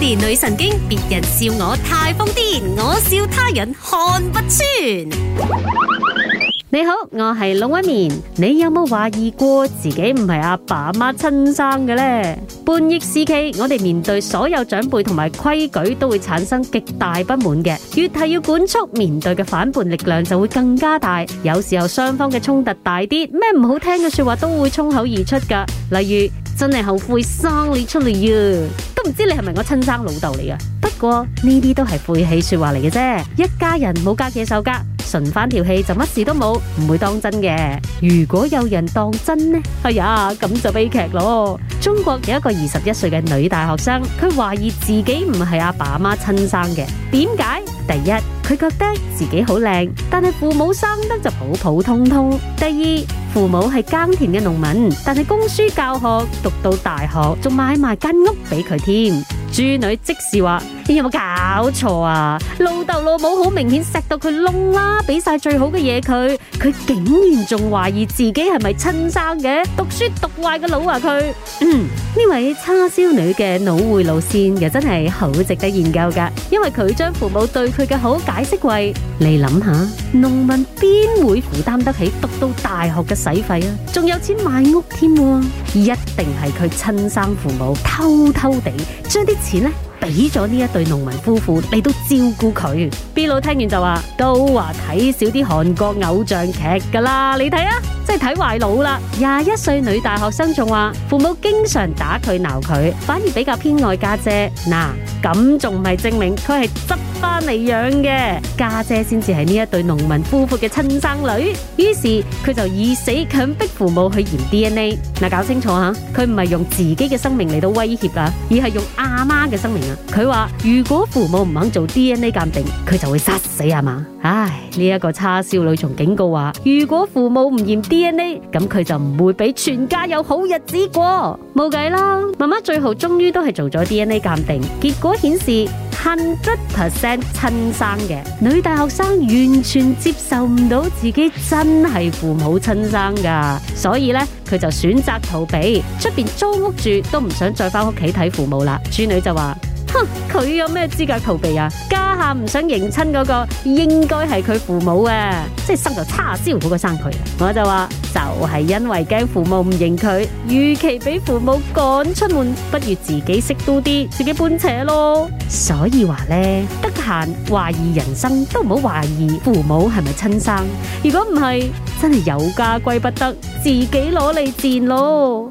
年女神經，別人笑我太瘋癲，我笑他人看不穿。你好，我係龍紋敏，你有冇懷疑過自己唔係阿爸阿媽親生嘅呢？叛逆時期，我哋面對所有長輩同埋規矩都會產生極大不滿嘅，越係要管束，面對嘅反叛力量就會更加大。有時候雙方嘅衝突大啲，咩唔好聽嘅說話都會衝口而出噶，例如真係後悔生你出嚟啊！都唔知你係咪我親生老豆嚟噶？不過呢啲都係晦氣說話嚟嘅啫，一家人冇隔夜仇，順翻條氣就乜事都冇，唔會當真嘅。如果有人當真呢？哎呀，咁就悲劇咯！中國有一個二十一歲嘅女大學生，佢懷疑自己唔係阿爸阿媽親生嘅。點解？第一，佢覺得自己好靚，但係父母生得就普普通通。第二。父母係耕田嘅農民，但係供書教學，讀到大學仲買埋間屋俾佢添。朱女即時話。你有冇搞錯啊？老豆老母好明顯錫到佢窿啦，俾晒最好嘅嘢佢，佢竟然仲懷疑自己係咪親生嘅？讀書讀壞個腦啊！佢呢、嗯、位叉燒女嘅腦回路綫又真係好值得研究噶，因為佢將父母對佢嘅好解釋為：你諗下，農民邊會負擔得起讀到大學嘅使費啊？仲有錢買屋添，一定係佢親生父母偷偷地將啲錢呢，俾咗呢一對農民夫婦，你都照顧佢。B 佬聽完就話：都話睇少啲韓國偶像劇噶啦，你睇啊！即係睇壞腦啦！廿一歲女大學生仲話父母經常打佢鬧佢，反而比較偏愛家姐嗱，咁仲咪證明佢係執翻嚟養嘅？家姐先至係呢一對農民夫婦嘅親生女。於是佢就以死強迫父母去驗 D N A 嗱，搞清楚吓，佢唔係用自己嘅生命嚟到威脅啊，而係用阿媽嘅生命啊！佢話如果父母唔肯做 D N A 鑒定，佢就會殺死阿媽。唉，呢一個叉燒女從警告話，如果父母唔驗 D DNA 咁佢就唔會俾全家有好日子過，冇計啦！媽媽最後終於都係做咗 DNA 鑑定，結果顯示，100 percent 親生嘅。女大學生完全接受唔到自己真係父母親生噶，所以呢佢就選擇逃避，出邊租屋住，都唔想再翻屋企睇父母啦。豬女就話。哼，佢有咩資格逃避啊？家下唔想認親嗰、那個，應該係佢父母啊，即係生就叉燒好過生佢。我就話，就係、是、因為驚父母唔認佢，與其俾父母趕出門，不如自己識多啲，自己搬扯咯。所以話呢，得閒懷疑人生都唔好懷疑父母係咪親生。如果唔係，真係有家歸不得，自己攞嚟墊咯。